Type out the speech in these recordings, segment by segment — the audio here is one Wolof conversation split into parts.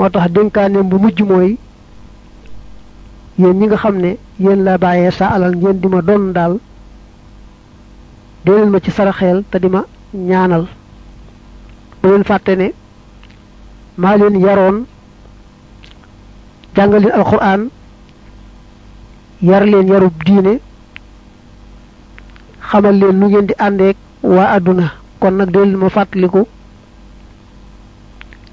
moo tax dénkaaneem bu mujj mooy yéen ñi nga xam ne yéen la bàyyee sa alal ngeen di ma doon daal dee ma ci saraxeel te di ma ñaanal bu leen fàtte ne maa leen yaroon jàngal leen alxuraan yar leen yarub diine xamal leen nu ngeen di àndeek waa àdduna kon nag dee ma fàttaliku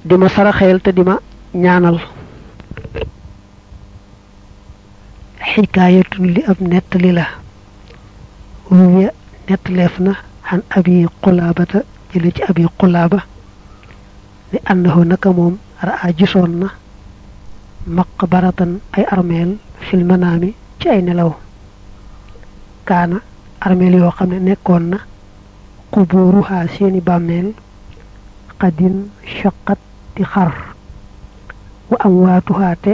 di ma saraxeel te di ma ñaanal xikaayatun li ab nettali la wuya nettaleef na xan abi xulaabata jële ci abi xulaaba ni annahu naka moom ra'a gisoon na maqbaratan ay armeel fil ci ay nelaw kaana armeel yoo xam ne nekkoon na quburuha seeni bàmmeel qadin shaqat di xar am amwaatuhaa te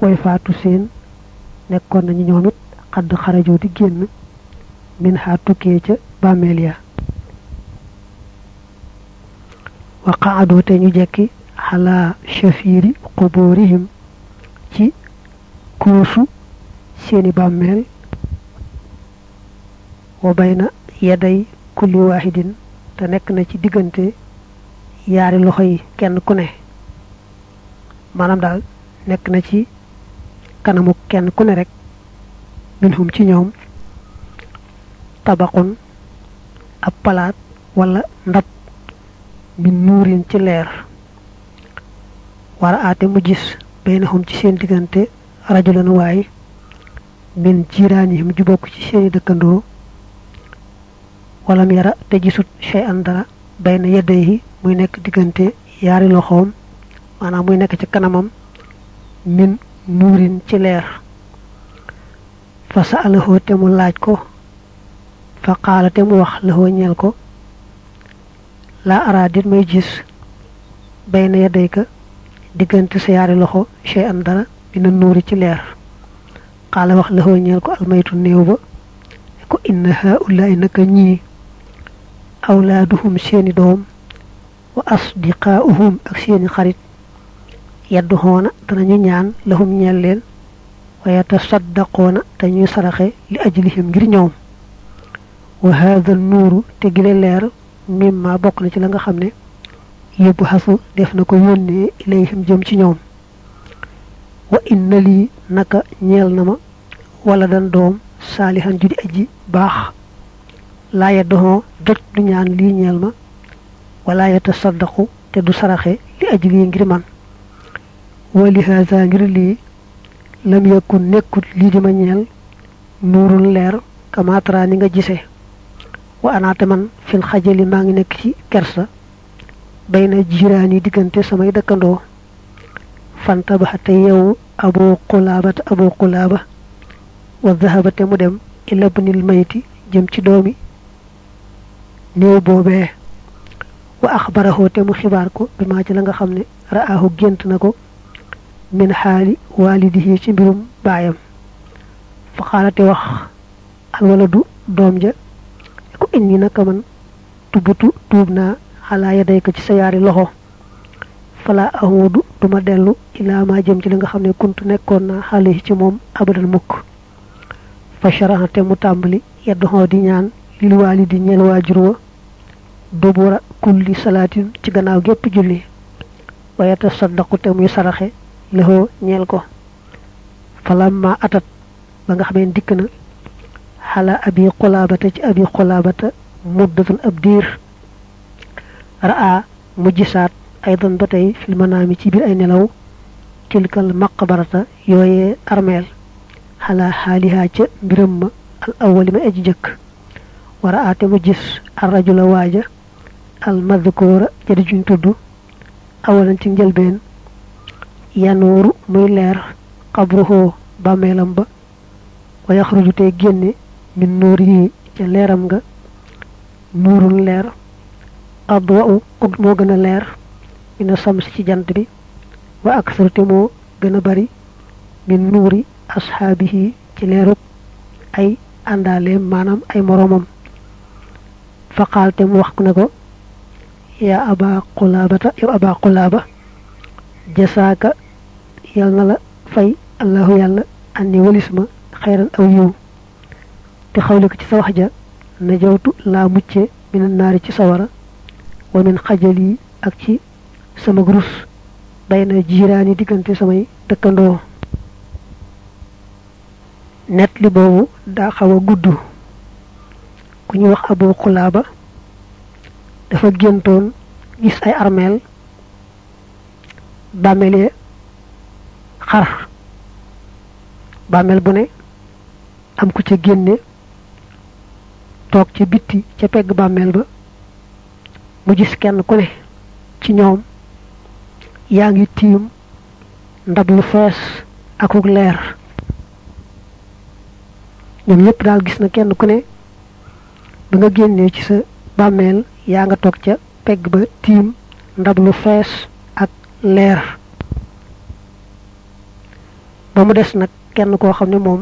way faatu seen nekkoon nañu ñoom it xadd xarajoo di génn min haa ca bàmmeel ya wa qaadoo te ñu jekki xalaa shafiiri quboorihim ci kóosu seeni bàmmeel wa na yaday kulli waahidin te nekk na ci diggante yaari loxo yi kenn ku ne maanaam daal nekk na ci kanamu kenn ku ne rek minhum ci ñoom tabaqun ab palaat wala ndab min nuurin ci leer wara aate mu gis baynahum ci seen diggante rajulan waay min jiraanihim ju bokk ci seeni dëkkandoo walam yara te gisut shay an dara bayna yedday yi muy nekk diggante yaari loxoom maanaam muy nekk ci kanamam min nuurin ci leer fa sa'alahu te mu laaj ko fa qaala te mu wax lahoo ko laa araa may gis bay na yadayka diggante sa yaari loxo chey an dara dina nuuri ci leer xaala wax la ko almaytu néew ba ko inna haulaay naka ñii awlaaduhum seeni doom wa asdiqaauhum ak seeni xarit yaddu xoona danañu ñaan lahum ñeel leen waaye tasaddaqoona te ñuy saraxe li ajlihim ngir ñoom wa haada nuuru te gile leer mimma bokk na ci la nga xam ne yóbbu xasu def na ko yónnee ilayhim jëm ci ñoom wa na lii naka ñeel na ma wala dan doom saalihan judi aji baax laa yaddoxoo doj du ñaan lii ñeel ma wala yatasaddaqu te du saraxe li aji lii ngir man walihaasa ngir lii lam yakun nekkut lii di ma ñeel nuurul leer kamaatara ni nga gise wa anaate man fil xajali maa ngi nekk ci kersa bay na jiraan diggante samay dëkkandoo fanta ba te yeewu abu qulaaba te abu wa dahaba te mu dem ila bunil mayti jëm ci doomi néew boobee wa axbarahu te mu xibaar ko bi maa ci la nga xam ni ra'aahu gént na ko min xaali yi ci mbirum baayam fa xaalate wax alwaladu doom ja ko indi naka man tubutu tuub naa xalaa yaday ko ci sa yaari loxo fala ahudu duma dellu ilaa ma jëm ci li nga xam ne kuntu nekkoon naa xaali ci moom abadan mukk fa sharaxante mu tàmbali yeddoxoo di ñaan lil waalidi ñeel waajur wa dubura kulli salaatin ci gannaaw gépp julli waaye te saddaqu te muy saraxe lëxoo ñeel ko falamma atat ba nga xamee dikk na xala abi xulaabata ci abi xulaabata muddatun ab diir ra'a mu ay doon ba tey fil manaami ci biir ay nelaw tilkal maqbarata yooyee armeel xala xaalihaa ca mbiram ma al awali ma aji jëkk wara aate mu gis waaja al madkuura jadi tudd awalan ci njëlbeen yanuuru muy leer xabruhoo bàmmeelam ba wa yaxruju tey génne nuur yi ca leeram nga nuurun leer adwa u og moo gën a leer mina samsi ci jant bi wa aksar te moo gën a bari min nuuri asxaabihi ci leerub ay àndaaleem maanaam ay moroomam faqaal te mu wax na ko yaa abaa qulaabata yow abaa qulaaba jasaaka yal na la fay allahu yàlla àndi walis ma xayran aw yiw te xawle ko ci sa wax ja na jawtu laa mucce minan naari ci sawara wa min xajal yi ak ci sama grus bay na jiiraani diggante samay dëkkandoo net li boobu daa a gudd ku ñu wax abu xulaaba dafa géntoon gis ay armeel bàmmeeli xar bàmmeel bu ne am ku ca génne toog ca bitti ca pegg bàmmeel ba mu gis kenn ku ne ci ñoom yaa ngi tiim ndab lu fees akuk leer ñoom ñëpp daal gis na kenn ku ne ba nga génnee ci sa bàmmeel yaa nga toog ca pegg ba tiim ndab lu fees leer ba mu des nag kenn koo xam ne moom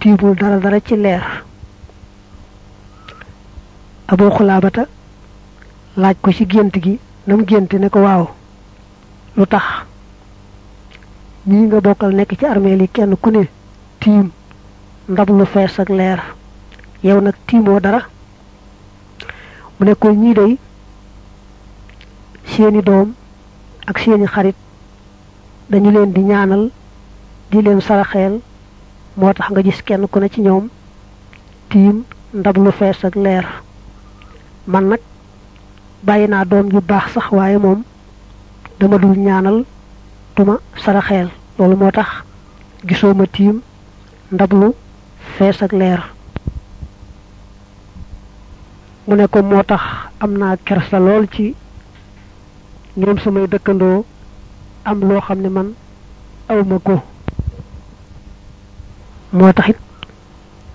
tiibul dara dara ci leer abu xulaabata laaj ko ci gént gi na gént ne ko waaw lu tax ñii nga bokkal nekk ci armeel yi kenn ku ne tiim ndab lu fees ak leer yow nag tiimoo dara mu ne ko ñii day seeni doom ak seeni xarit dañu leen di ñaanal di leen saraxeel moo tax nga gis kenn ku ne ci ñoom tiim ndab lu fees ak leer man nag bàyyi naa doom ju baax sax waaye moom dama dul ñaanal duma saraxeel loolu moo tax gisoo ma tiim ndab lu fees ak leer mu ne ko moo tax am naa kersa lool ci ñoom samay dëkkandoo am loo xam ne man awma ko moo taxit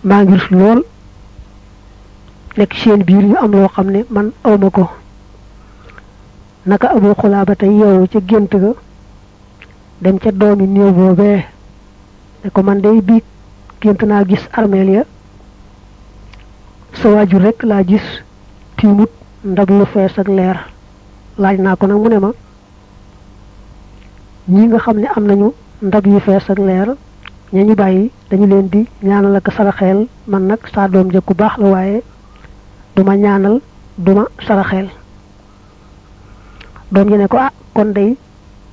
maa ngi rus lool nekk seen biir ñu am loo xam ne man awma ko naka abu ba tey yeewu ca gént ga dem ca doomi néew boobee ne ko man day biig gént naa gis armeel ya sa waajur rekk laa gis tiimut ndab lu fees ak leer laaj naa ko nag mu ne ma ñi nga xam ne am nañu ndab yu fees ak leer ña ñu bàyyi dañu leen di ñaanal ak saraxeel man nag saa doom ja ku baax la waaye duma ñaanal duma saraxeel doom ja ne ko ah kon day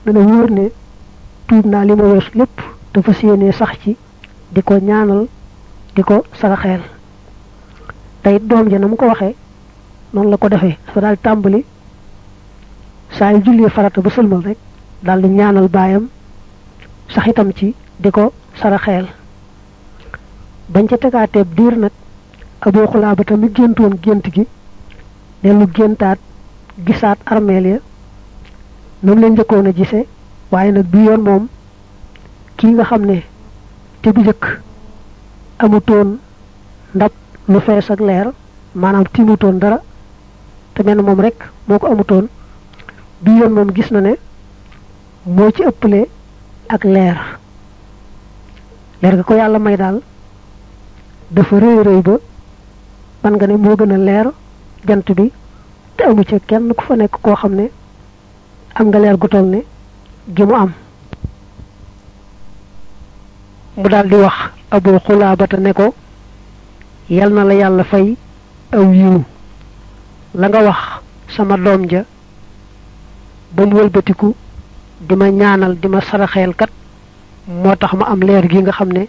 na la ne tuub naa li ma weesu lépp dafa fas sax ci di ko ñaanal di ko saraxeel te it doom ja na mu ko waxee noonu la ko defee dafa daal tàmbali saa yu jullee farata ba sëlmal rek daal di ñaanal baayam sax itam ci di ko saraxeel bañ ca tegaateeb diir nag aboo xulaa tamit géntoon gént gi dellu géntaat gisaat armeel ya noonu leen njëkkoon a gise waaye nag bi yoon moom kii nga xam ne te bu jëkk amutoon ndab lu fees ak leer maanaam tiimutoon dara te mel moom rek moo ko amutoon bi yoon moom gis na ne moo ci ëpple ak leer leer nga ko yàlla may daal dafa rëy ba man nga ne moo gën leer jant bi te amu ca kenn ku fa nekk koo xam ne am nga leer gu toll ne gi mu am mu daal di wax abu xulaabata ne ko yal na la yàlla fay aw yiw la nga wax sama doom ja bañ wëlbatiku di ma ñaanal di ma saraxeel kat moo tax ma am leer gi nga xam ne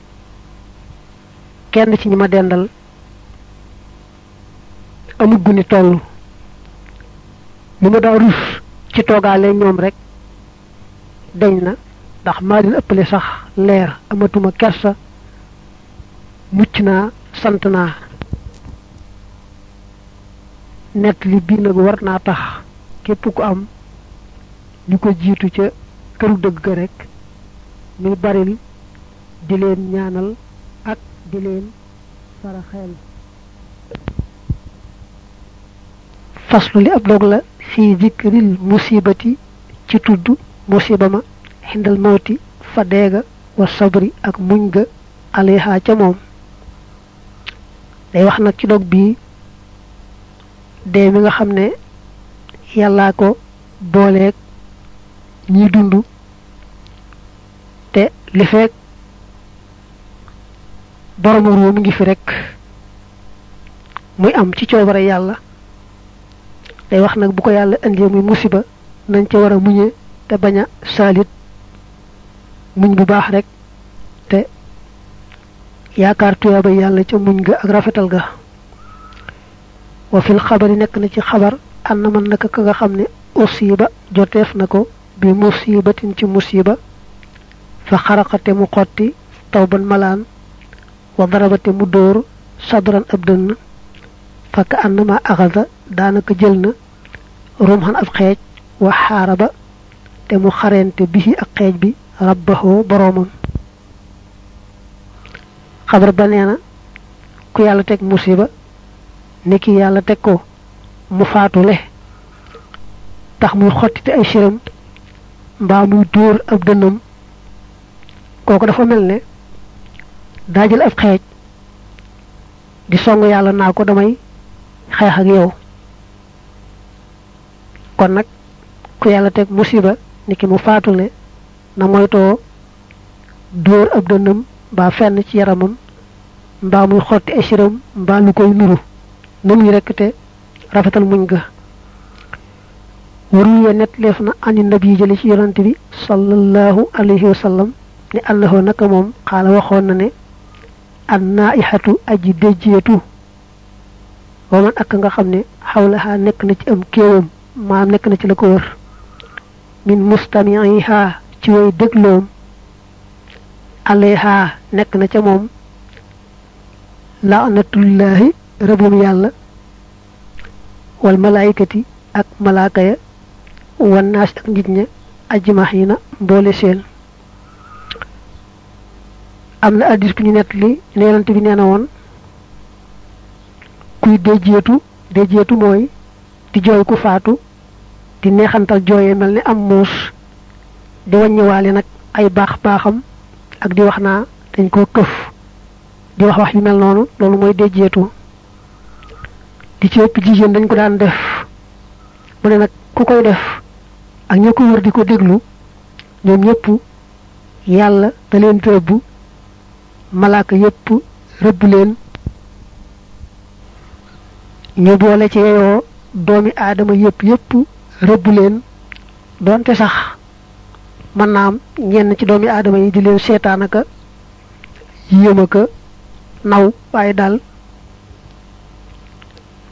kenn ci ñi ma dendal amut bu ni toll li ma daa rus ci toogaale ñoom rek dañ na ndax maa leen ëppale sax leer amatuma kersa mucc naa sant naa nett li bii nag war naa tax képp ku am ñu ko jiitu ca këru dëgg ga rek muy baril di leen ñaanal ak di leen saraxeel faslu li ab dog la fi zikril musibati ci tudd musiba ma xindal mawti fa deega wa sabri ak muñ ga aleha ca moom day wax na ci dog bii dee mi nga xam ne yàllaa ko booleek ñiy dund te li fekk boromu réew mi ngi fi rek muy am ci coobare yàlla day wax nag bu ko yàlla indee muy musiba nañ ca war a muñe te bañ a saalit muñ bu baax rek te yaakaar tuyaaba yàlla ca muñ ga ak rafetal ga wa fil xabari nekk na ci xabar ànd man naka ka nga xam ne osi ba joteef na ko bi musibatin ci musiba fa xaraqate mu xotti tawban malaan wa darabate mu dóor sadran ab dënn fakk annama axasa daanaka jël na rumxan ab xeej wa xaaraba te mu xarente bihi ak xeej bi rabbahu boroomam xabar ba nee na ku yàlla teg musiba ni ki yàlla teg ko mu faatule tax muy xottite ay siram mbaa muy dóor ab dënnam kooku dafa mel ne daa jël ab xeej di song yàlla naa ko damay xeex ak yow kon nag ku yàlla teg musiba ni ki mu faatule na moytoo dóor ab dënnam mbaa fenn ci yaramam mbaa muy xotti ay siram mbaa lu koy nuru na muy rekk te rafetal muñ ga waruya nettaleef na ani yi jële ci yonante bi sallallahu alayhi wa sallam ne allahoo naka moom xaala waxoon na ne an naaixatu aji déjjeetu waman ak nga xam ne xawlaha nekk na ci am kéewam maam nekk na ci la ko wër min mustamiiha ci way dégloom alayha nekk na ca moom laanatullaahi rabum yàlla wal malaayikati ak malaaka ya wannaas ak nit yi na mboole seen am na addis bu ñu nett li ne yonent bi nee na woon kuy déjeetu déjeetu mooy di jooy ku faatu di neexantal jooyee mel ni am muus di wàññiwaale nag ay baax baaxam ak di wax naa dañ koo këf di wax wax yu mel noonu loolu mooy déjeetu di ci ëpp jigéen dañ ko daan def mu ne nag ku koy def ak ña ko wër di ko déglu ñoom ñëpp yàlla da leen rëbb malaaka yëpp rëbb leen ñu boole ci yeyoo doomi aadama yëpp yépp rëbb leen doonte sax mën naa am ñenn ci doomi aadama yi di leen seetaan aka yéem aka naw waaye dal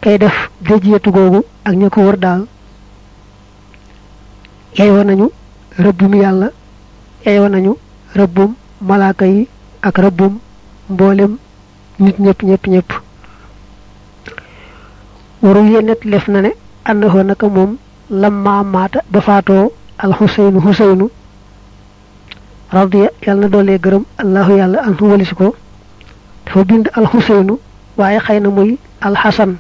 kay def déjjeetu googu ak ña ko wër daal yeyoo nañu rëbbum yàlla yeyoo nañu rëbbum malaaka yi ak rëbbum mboolem nit ñëpp ñëpp ñëpp waru yéenet lef na ne àndahoo naka moom lamma maata ba faatoo alxuseynu xuseynu radiya yàlla na doolee gërëm allahu yàlla anhu walis ko dafa bind alxuseynu waaye xëy na muy alxasan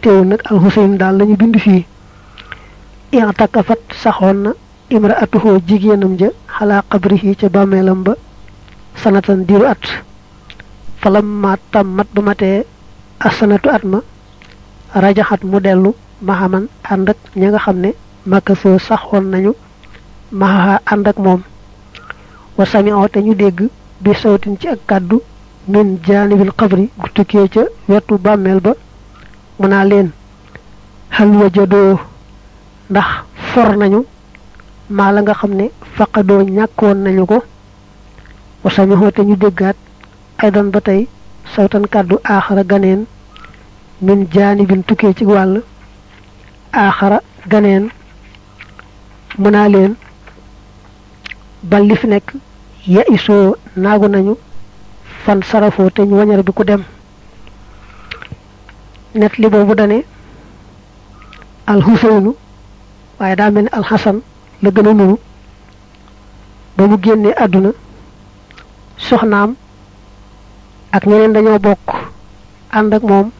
teewul nag alxuseynu daal lañu bind fii i'takafat saxoon na imraatuhu jigéenam ja xalaa qabrihi ca bàmmeelam ba sanatan diiru at falamma tammat ba matee asanatu at ma rajaxat mu dellu mahaman ànd ak ña nga xam ne makasoo saxoon nañu ànd ak moom wa sami'o te ñu dégg bi sawtin ci ak kàddu min jaanibil xabri gu ca wetu bàmmeel ba mu naa leen xal wajadoo ndax for nañu maa la nga xam ne faqadoo ñàkkoon nañu ko wasamihoo te ñu déggaat aydan ba tey sawtan kàddu aaxara ganeen min jaanibin tukkee ci wàll aaxara ganeen mën leen bal li fi nekk ya isoo naagu nañu fan sarafoo te ñu wañar bi ku dem net li boobu dane alxuseynu waaye daa mel ni alxasan la gën a nuru ba mu génnee àdduna soxnaam ak ñeneen dañoo bokk ànd ak moom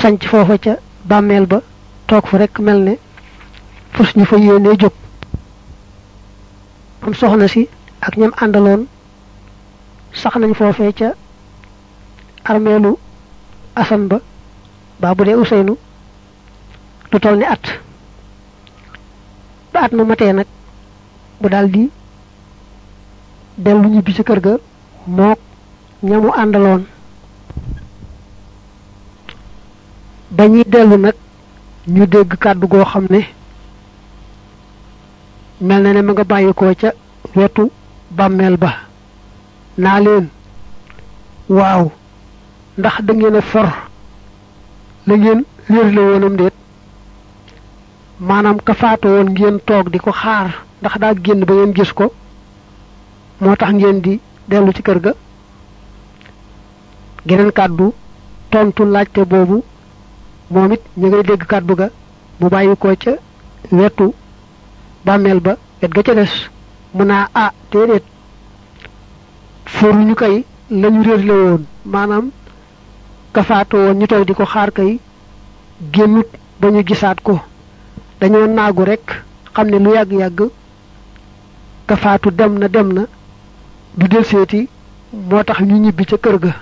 sanc foofa ca bàmmeel ba toog fa rekk mel ne fas ñu fa yéenee jóg am soxna si ak ñam àndaloon sax nañ foofee ca armeelu asan ba baa bu dee useynu lu toll ni at ba at na matee nag bu daal di dellu ñibbi ci kër ga mook ñamu àndaloon ba ñuy dellu nag ñu dégg kàddu goo xam ne mel na ne ma nga bàyyikoo ca wetu bàmmeel ba naa leen waaw ndax da a for la ngeen réer la woonam déet maanaam ka faatu ngeen toog di ko xaar ndax daa génn ba ngeen gis ko moo tax ngeen di dellu ci kër ga geneen kàddu tontu laajte boobu moom it ñu ngay dégg kàddu ga mu bàyyi ko ca wetu bàmmeel ba wet ga ca des mu naa ah déedéet fóoruñu kay lañu réer la woon maanaam ka ñu toog di ko xaar kay génnut ba ñu gisaat ko dañoo naagu rekk xam ne lu yàgg-yàgg ka dem na dem na du del seeti moo tax ñu ñibbi ca kër ga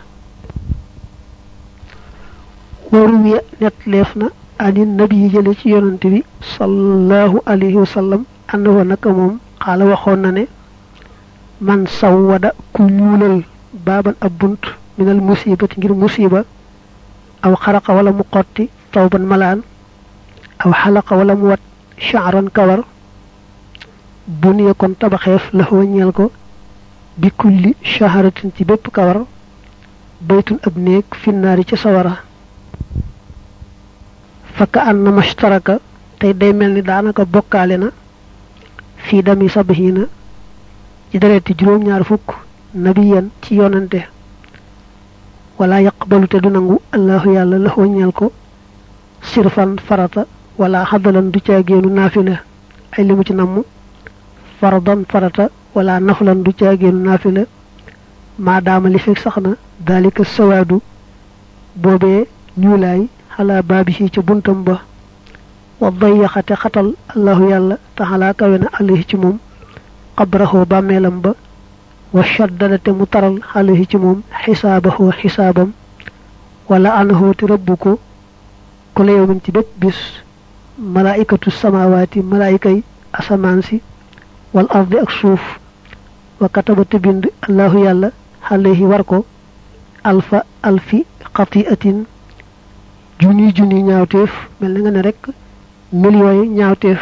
warum ya net leef na ani nabi yi jële ci yonante bi sallallahu alayhi wa sallam wa naka moom xaala waxoon na ne man sawwada ku ñuulal baaban ab bunt minal musibati ngir musiba aw xaraqa wala mu xotti tawban malaan aw xalaqa wala mu wat chaaran kawar bu niya kon tabaxeef la ko bi kulli ci bépp kawar baytun ab néeg finnaari ca sawara fakka tey day mel ni daanaka bokkaale na fii dami sabihiina ci dereeti juróom ci yonante wala yaqbalu te du nangu allahu yàlla la ko sirfan farata wala xadalan du caagéenu naafila ay limu ci namm faradan farata wala naflan du caagéenu naafila maadaama li fi sax na daalika sawaadu boobee ñuulaay xalaa baabihi ci buntam ba wa dayaxate xatal allahu yàlla taxalaa kawe na alayhi ci moom xabraxoo bàmmeelam ba wa shaddadate mu taral alayhi ci moom xisaabaxoo xisaabam wala anaxooti rëbbu ko ku ci bépp bis malaayikatu samaawaati malaayika yi asamaan si wal ak suuf wa kataba te bind allahu yàlla alayhi war ko alfa alfi xatiatin junni junni ñaawteef mel na nga ne rek millions yi ñaawteef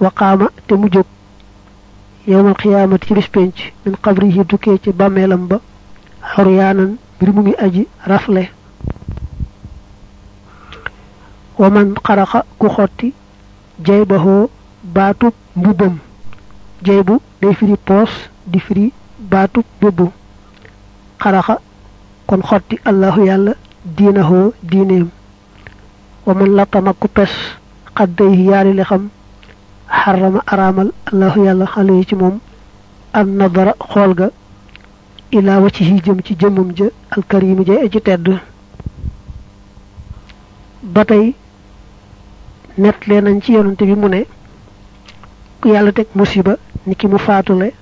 waqaama te mu jóg yowmal xiyaamat ci bis penc xabri yi dukkee ci bàmmeelam ba xoryaanan mbir mu ngi aji rafle wa man xaraxa ku xotti jay baatub mbubbam jay bu day firi poos di firi baatub mbubb xaraxa kon xotti allahu yàlla diinahoo diineem wa man lattama ku pes xadday yaari li xam xarama araamal allahu yàlla xale ci moom an nadara xool ga ilaa wa ci yi jëm ci jëmmam ja alkarimi jay aji tedd nett lee nañ ci yonante bi mu ne ku yàlla teg musiba ni ki mu faatule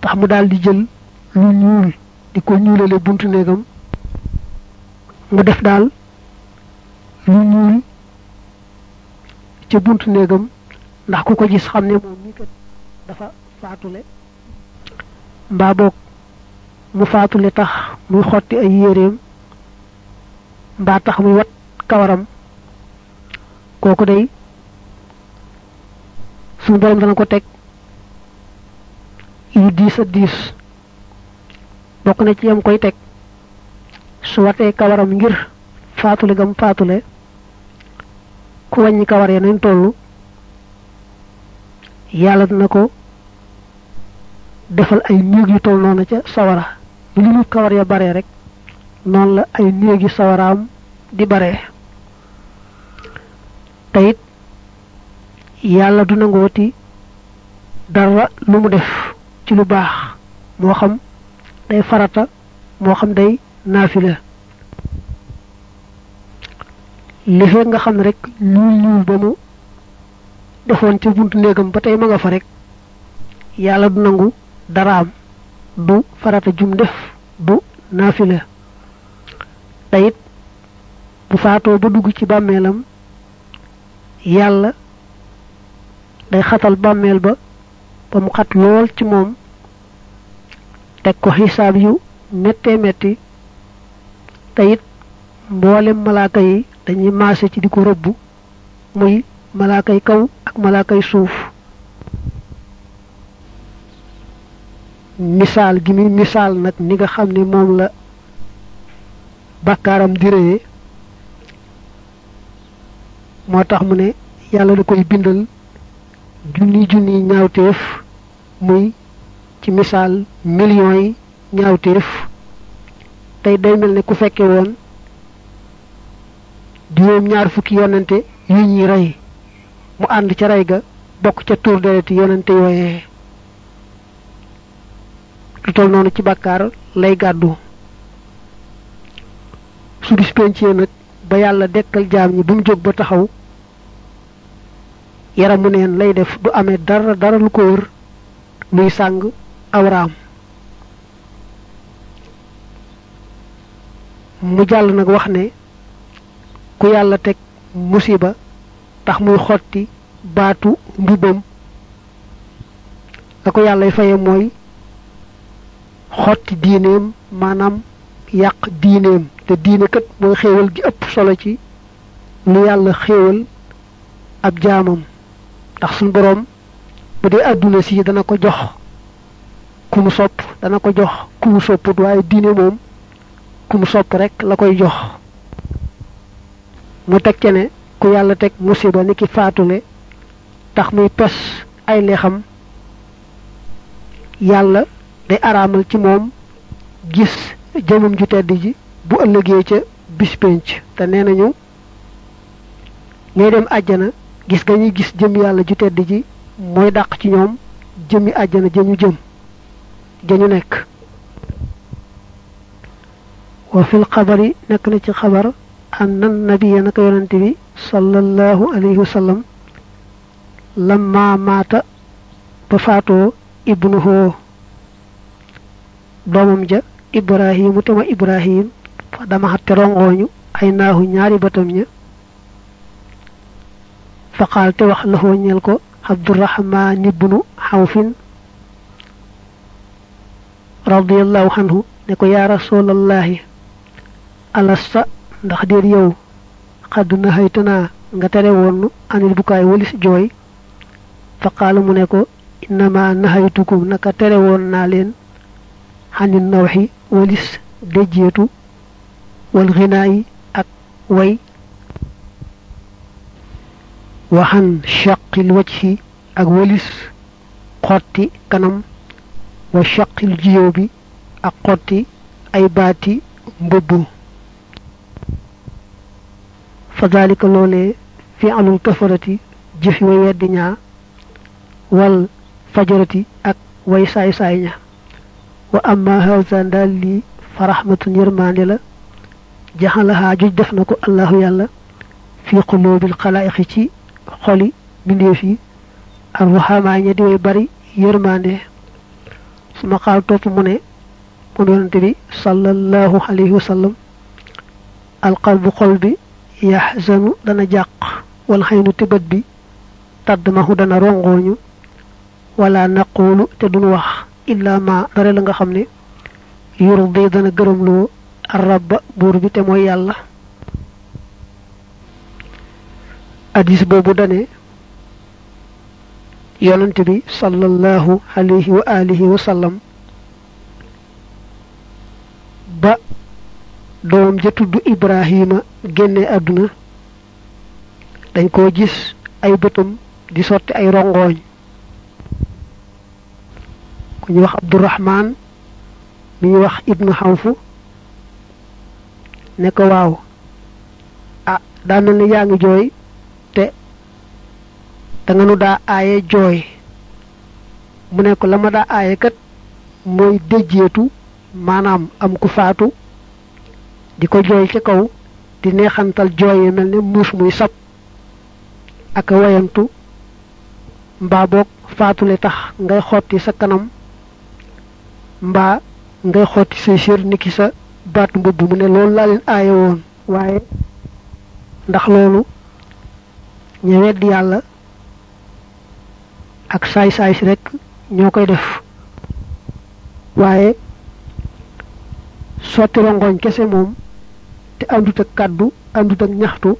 tax mu daal di jël lu ñuul di ko ñuulale buntu néegam mu def daal lu ñuul ca buntu néegam ndax ku ko gis xam ne moom mii kat dafa faatule mbaa boog mu faatule tax muy xotti ay yéreem mbaa tax muy wat kawaram kooku day suñu borom dana ko teg yu diis diis bokk na ci yam koy teg su watee kawaram ngir faatule gam faatule ku wàññi kawar yeneen tollu yàlla dina ko defal ay néeg yu toll noonu ca sawara li mu kawar ya bare rek noonu la ay néegi sawaraam di bare teyit yàlla du nangooti dara lu mu def ci lu baax moo xam day farata moo xam day naafila li fekk nga xam ne rek ñuul ñuul ba mu defoon ca buntu néegam ba tey ma nga fa rek yàlla du nangu daraam du farata jum def du naafila teyit bu faatoo ba dugg ci bàmmeelam yàlla day xatal bàmmeel ba ba mu xat lool ci moom teg ko xisaab yu méttee metti te it mboolem malaaka yi dañuy maase ci di ko rëbb muy malaakay kaw ak malaakay suuf misaal gi muy misaal nag ni nga xam ne moom la bàkkaaram di réye moo tax mu ne yàlla da koy bindal junni junni ñaawteef muy ci misaal millions yi ñaawteef tey day mel ne ku fekke woon juróom ñaar fukki yonante yu ñuy rey mu ànd ca rey ga bokk ca tuur dereti yonante yooyee lu tol noonu ci bàkkaar lay gàddu su bis nag ba yàlla dekkal jaam ñi bu mu jóg ba taxaw yaram yaramu neen lay def du amee dara dara lu ko wër muy sàng awraam mu jàll nag wax ne ku yàlla teg musiba tax muy xotti baatu mbubbam la ko yàllay faye mooy xotti diineem maanaam yàq diineem te diine kat mooy xéewal gi ëpp solo ci lu yàlla xéewal ab jaamam ndax suñ boroom bu dee àdduna si dana ko jox ku mu sopp dana ko jox ku mu sopput waaye diine moom ku mu sopp rekk la koy jox mu teg ce ne ku yàlla teg musiba ni ki faatule tax muy pes ay leexam yàlla day araamal ci moom gis jëmum ju tedd ji bu ëllëgee ca bis pénc te nee nañu ngay dem àjjana gis nga ñuy gis jëm yàlla ju tedd ji mooy dàq ci ñoom jëmi àjjana ja ñu jëm ja ñu nekk wa fil xabari nekk na ci xabar anna nabiya naka yonante bi sallallahu alayhi wa sallam ba faatoo ibnuhu doomam ja ibrahimu tama ibrahim fa dama xatte rongooñu ay naahu ñaari batam ña faqaal te wax laxoo ñeel ko abdurahman ibnu xawfin radiallahu ne ko yaa rasulallahi alasta ndax déer yow xadduna haytanaa nga tere woon anil bukaay walis jooy faqaala mu ne ko innama nahaytukum naka tere woon naa leen xanil nawxi walis déjeetu wal xinaa yi ak way waxan shaqil wajhi ak walis xotti kanam wa shaqil jiyow bi ak xotti ay baati mbubb fa dalika loolee fi alul kafarati jëfi way weddi ñaa wal fajarati ak way saay-saay ña wa amma hawsa daal fa rahmatun yërmaande la jaxalahaa juj def na ko allahu yàlla fi qulubil xalaa'iqi ci xoli mbindeef yi ak ruxamaa ña di bari yërmande su ma xaal topp mu ne mu doonante bi sallallahu alayhi wa sallam alqalbu xol bi yaxzanu dana jàq wal xaynu te bët bi taddmahu dana rongooñu walla naqulu te duñ wax illa ma dara la nga xam ne yurdi dana gërëmloo arrabba buur bi te mooy yàlla addis boobu dane yonent bi sallallahu alayhi wa alihi wa sallam ba doom ja tudd Ibrahima génne àdduna dañ koo gis ay bëtam di sotti ay rongooñ ku ñu wax Abdurahman mi ñu wax Ibnu Xawfu ne ko waaw ah daan na yaa ngi jooy danga nga daa aaye jooy mu ne ko la ma daa aaye kat mooy déjjeetu maanaam am ku faatu di ko jooy ci kaw di neexantal jooy mel ne muus muy sab ak wayantu mbaa boog faatule tax ngay xotti sa kanam mbaa ngay xotti sa sér niki sa baat mbubb mu ne loolu laa aaye woon waaye ndax loolu ñewet yàlla ak saay-saay si rek ñoo koy def waaye sotti rongoñ kese moom te àndut ak kàddu àndut ak ñaxtu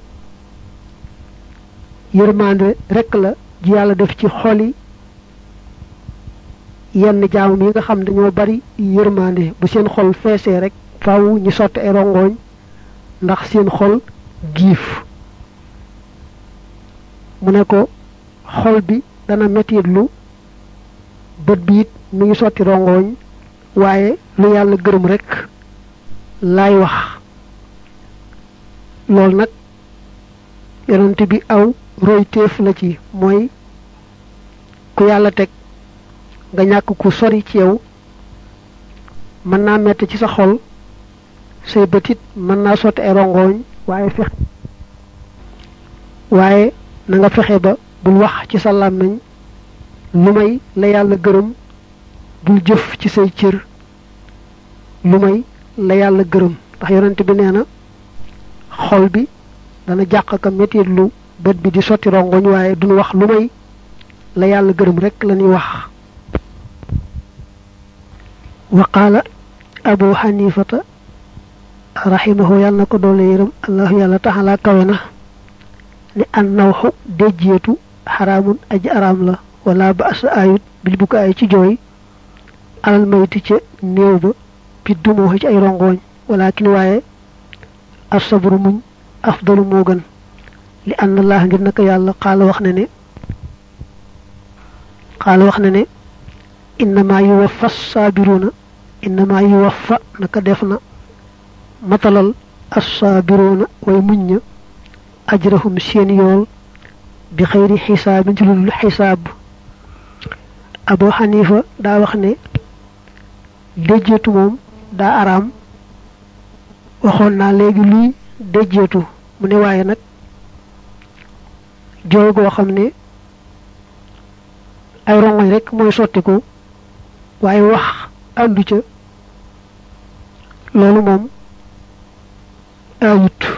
yërmande rek la ji yàlla def ci xoli yenn jaamam yi nga xam dañoo bari yërmande bu seen xol feesee rek faaw ñu sotti ay rongoñ ndax seen xol giif mu ne ko xol bi dana mettit lu bët bi it mi ngi sotti rongoñ waaye lu yàlla gërëm rek laay wax loolu nag yonent bi aw royteef la ci mooy ku yàlla teg nga ñàkk ku sori ci yow mën naa metti ci sa xol say bët mën naa sotti ay rongoñ waaye fex waaye na fexe ba bul wax ci sa làmmiñ lu may la yàlla gërëm bul jëf ci say cër lu may la yàlla gërëm ndax yonent bi nee na xol bi dana jàq ka metit lu bi di sotti rongoñ waaye duñu wax lu may la yàlla gërëm rekk la ñuy wax wa qaala abu xanifata raximahu yàlla na ko doole yërëm allahu yàlla taxalaa kawe na li an nawxu déjjeetu xaraamun aji araam la wala ba asa ayut bil bukaay ci jooy alal mayti ca néew ba bit dumuuxa ci ay rongooñ walakin waaye as sabru muñ afdalu moo gën li anna laax ngir naka yàlla xaala wax na ne xaala wax na ne innama yuwaffa saabiruna innama yuwaffa naka def na matalal as saabiruna way muñ ña ajrahum seen yool bi xëyri xisaabin ci lu xisaab Abu Xanifa daa wax ne déjjeetu moom daa araam waxoon naa léegi luy déjjeetu mu ne waaye nag jooy goo xam ne ay rongoñ rek mooy sotti ko waaye wax àndu ca loolu moom ayut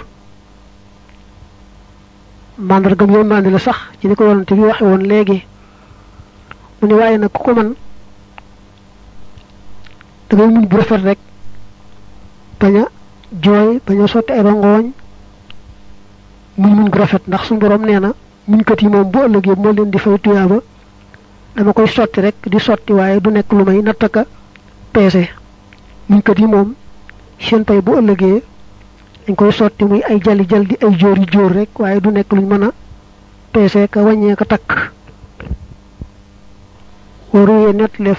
màndargam yërmande la sax ci ni ko yonante bi waxe woon léegi mu ne waaye nag ku ko man da muñ bu rafet rek bañ a jooy bañ a sotti ay rongoñ muñ muñ bu rafet ndax suñu borom nee na muñkat yi moom bu ëllëgee moo leen di fay tuyaaba dama koy sotti rek di sotti waaye du nekk lu may nattaka peese muñkat yi moom seen pay bu ëllëgee dañ koy sotti muy ay jali rek waaye du nekk luñ mën a peesee ka wàññee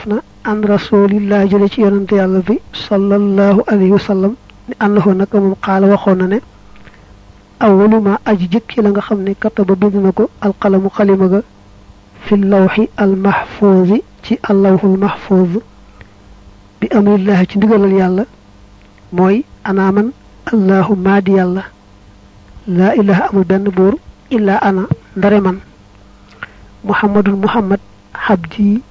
na an rasulillah jële ci yonante yàlla bi sallallahu alayhi wa sallam ni annahu naka moom waxoon na ne awaluma aji jëkki la nga xam ne ba bind na ko alqalamu xalima ga fi lawxi almaxfuusi ci allawxul maxfuus bi amrillahi ci ndigalal yàlla mooy anaaman allahumma di yàlla laa ilaha amul benn buur illaa ana ndare man muhammadul muhammad xab ji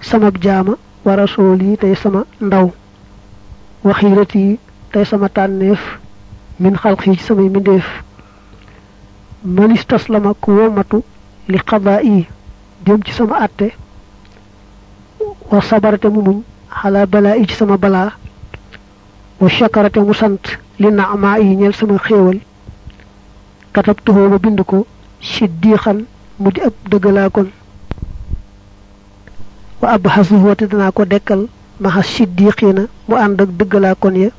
sama jaama wa rasool yi tey sama ndaw wa xiirat yi tey sama tànneef min xalq ci samay mindéef man istaslama ku womatu li xadaa yi jëm ci sama àtte wa sabarate mu muñ xalaa balaa yi ci sama balaa wa shakarate mu sant li na amaa yi ñeel sama xéewal katabtuhu ma bind ko siddiixan mu di ab dëggalaa wa ab xasuhu te danaa ko dekkal ma xas siddiixiina mu ànd ak dëggalaa kon ya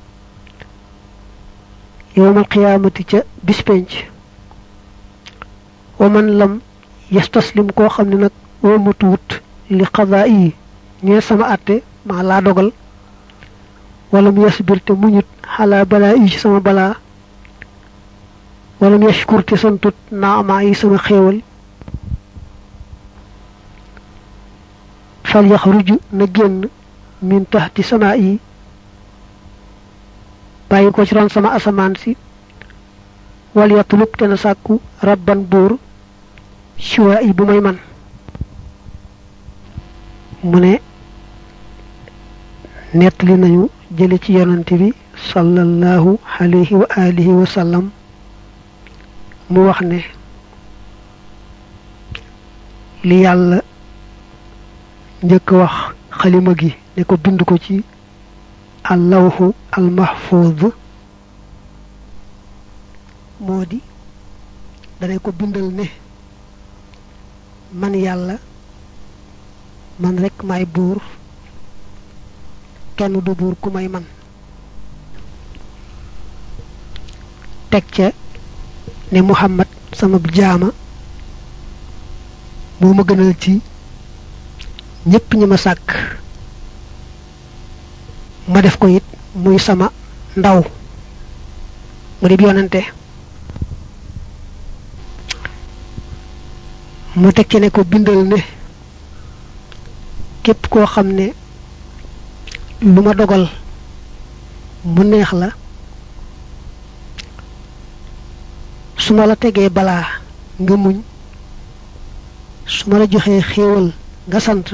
yowmal xiyaamati ca bispenc wa man lam yastaslim koo xam ne nag womatu wut li xadaa yi ñeel sama àtte maa laa dogal walam yasbir te muñut xalaa balaa yi ci sama balaa walam yashkur te santut naamaa yi sama xéewal fal yaxruju na génn min taxti samaa yi bàyyi ko ci ron sama asamaan si wal yatlub te na sàkku rabban buur siwaa yi bu may man mu ne nettali nañu jële ci yonante bi sallallahu alayhi wa alihi wa mu wax ne li yàlla njëkk wax xalima gi ne ko bind ko ci allawhu almahfuuz moo di danay ko bindal ne man yàlla man rekk maay buur kenn du buur ku may man teg ca ne Muhammad sama jaama moo ma gënal ci ñépp ñi ma sàkk ma def ko it muy sama ndaw mu dib yonante mu teg ci ne ko bindal ne képp koo xam ne lu ma dogal mu neex la su ma la tegee balaa nga muñ su ma la joxee xéewal nga sant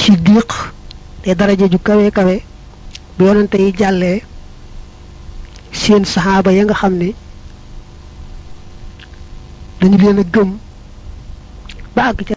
siddiq te daraja ju kawe kawe bu yonente yi jàllee seen saxaaba ya nga xam ni dañu leen a gëm ba àgg ca